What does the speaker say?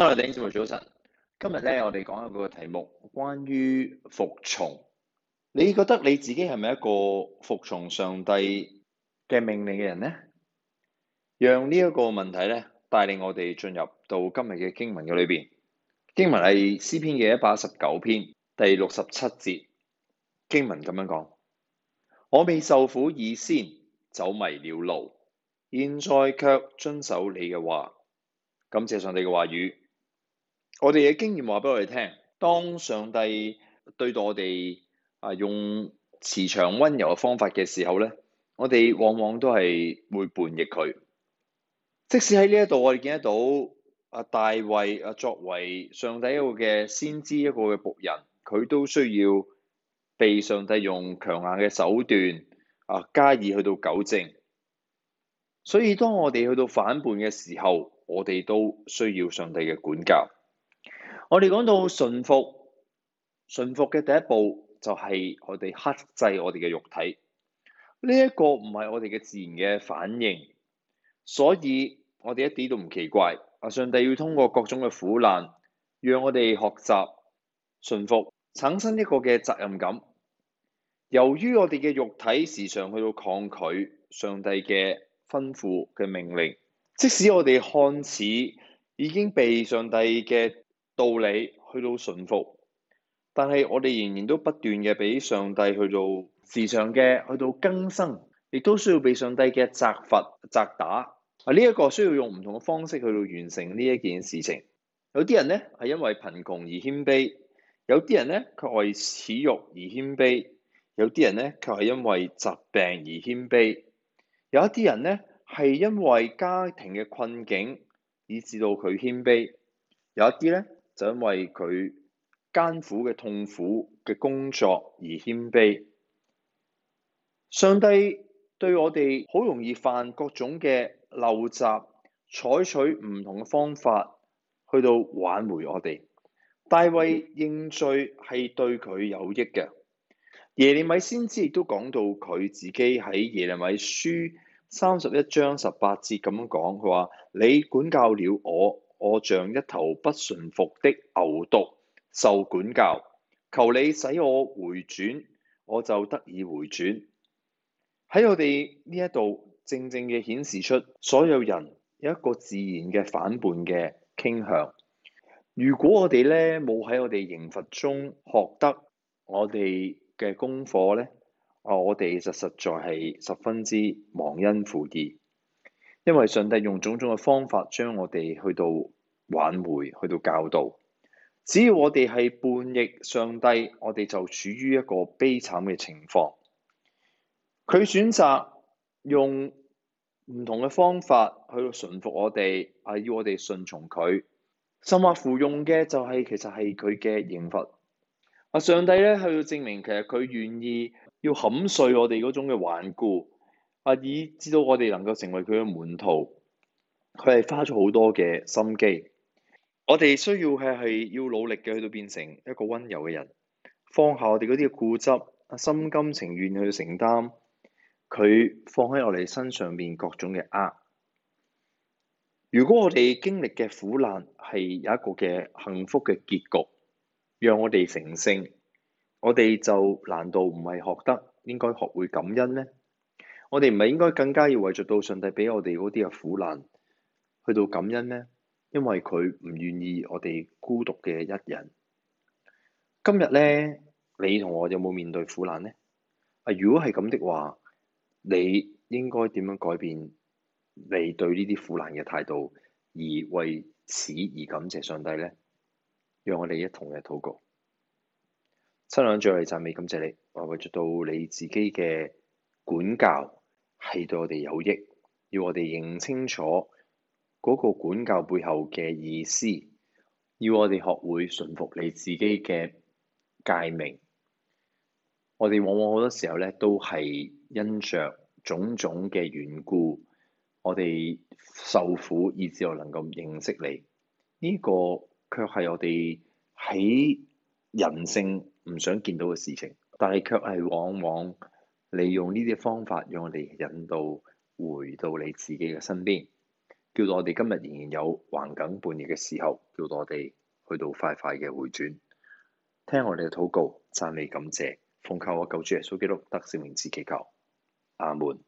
早晨。今日咧，我哋講一個題目，關於服從。你覺得你自己係咪一個服從上帝嘅命令嘅人呢？讓呢一個問題咧，帶領我哋進入到今日嘅經文嘅裏邊。經文係詩篇嘅一百一十九篇第六十七節。經文咁樣講：我未受苦以先走迷了路，現在卻遵守你嘅話。感謝上帝嘅話語。我哋嘅經驗話俾我哋聽，當上帝對待我哋啊用慈祥溫柔嘅方法嘅時候咧，我哋往往都係會叛逆佢。即使喺呢一度我哋見得到啊，大衛啊作為上帝一個嘅先知一個嘅僕人，佢都需要被上帝用強硬嘅手段啊加以去到糾正。所以當我哋去到反叛嘅時候，我哋都需要上帝嘅管教。我哋講到順服，順服嘅第一步就係我哋克制我哋嘅肉體。呢一個唔係我哋嘅自然嘅反應，所以我哋一啲都唔奇怪。啊，上帝要通過各種嘅苦難，讓我哋學習順服，產生一個嘅責任感。由於我哋嘅肉體時常去到抗拒上帝嘅吩咐嘅命令，即使我哋看似已經被上帝嘅道理去到順服，但係我哋仍然都不斷嘅俾上帝去到時常嘅去到更新，亦都需要俾上帝嘅責罰責打。啊，呢一個需要用唔同嘅方式去到完成呢一件事情。有啲人呢，係因為貧窮而謙卑，有啲人呢，卻為恥辱而謙卑，有啲人呢，卻係因為疾病而謙卑，有一啲人呢，係因為家庭嘅困境，以致到佢謙卑，有一啲呢，因為佢艱苦嘅痛苦嘅工作而謙卑，上帝對我哋好容易犯各種嘅陋習，採取唔同嘅方法去到挽回我哋。大衛認罪係對佢有益嘅。耶利米先知亦都講到佢自己喺耶利米書三十一章十八節咁樣講，佢話：你管教了我。我像一頭不馴服的牛犢，受管教。求你使我回轉，我就得以回轉。喺我哋呢一度，正正嘅顯示出所有人有一個自然嘅反叛嘅傾向。如果我哋咧冇喺我哋刑罰中學得我哋嘅功課咧，啊，我哋就實在係十分之忘恩負義。因為上帝用種種嘅方法將我哋去到挽回，去到教導。只要我哋係叛逆上帝，我哋就處於一個悲慘嘅情況。佢選擇用唔同嘅方法去到馴服我哋，啊，要我哋順從佢。甚或乎用嘅就係、是、其實係佢嘅懲罰。啊，上帝咧係要證明其實佢願意要砍碎我哋嗰種嘅頑固。阿爾知道我哋能夠成為佢嘅門徒，佢係花咗好多嘅心機。我哋需要係係要努力嘅去到變成一個溫柔嘅人，放下我哋嗰啲固執，心甘情願去承擔佢放喺我哋身上面各種嘅壓。如果我哋經歷嘅苦難係有一個嘅幸福嘅結局，讓我哋成聖，我哋就難道唔係學得應該學會感恩咧？我哋唔係應該更加要為著到上帝俾我哋嗰啲嘅苦難去到感恩咩？因為佢唔願意我哋孤獨嘅一人。今日咧，你同我有冇面對苦難呢？啊，如果係咁的話，你應該點樣改變你對呢啲苦難嘅態度，而為此而感謝上帝咧？讓我哋一同嚟禱告。親，響最後嚟讚美感謝你，我為著到你自己嘅管教，係對我哋有益，要我哋認清楚嗰個管教背後嘅意思，要我哋學會順服你自己嘅誡命。我哋往往好多時候咧，都係因着種種嘅緣故，我哋受苦，以至我能夠認識你。呢個卻係我哋喺人性唔想見到嘅事情，但係卻係往往，利用呢啲方法，讓我哋引導回到你自己嘅身邊，叫到我哋今日仍然有橫梗半夜嘅時候，叫到我哋去到快快嘅回轉。聽我哋嘅禱告，讚你感謝，奉靠我救主耶穌基督得勝名字祈求，阿門。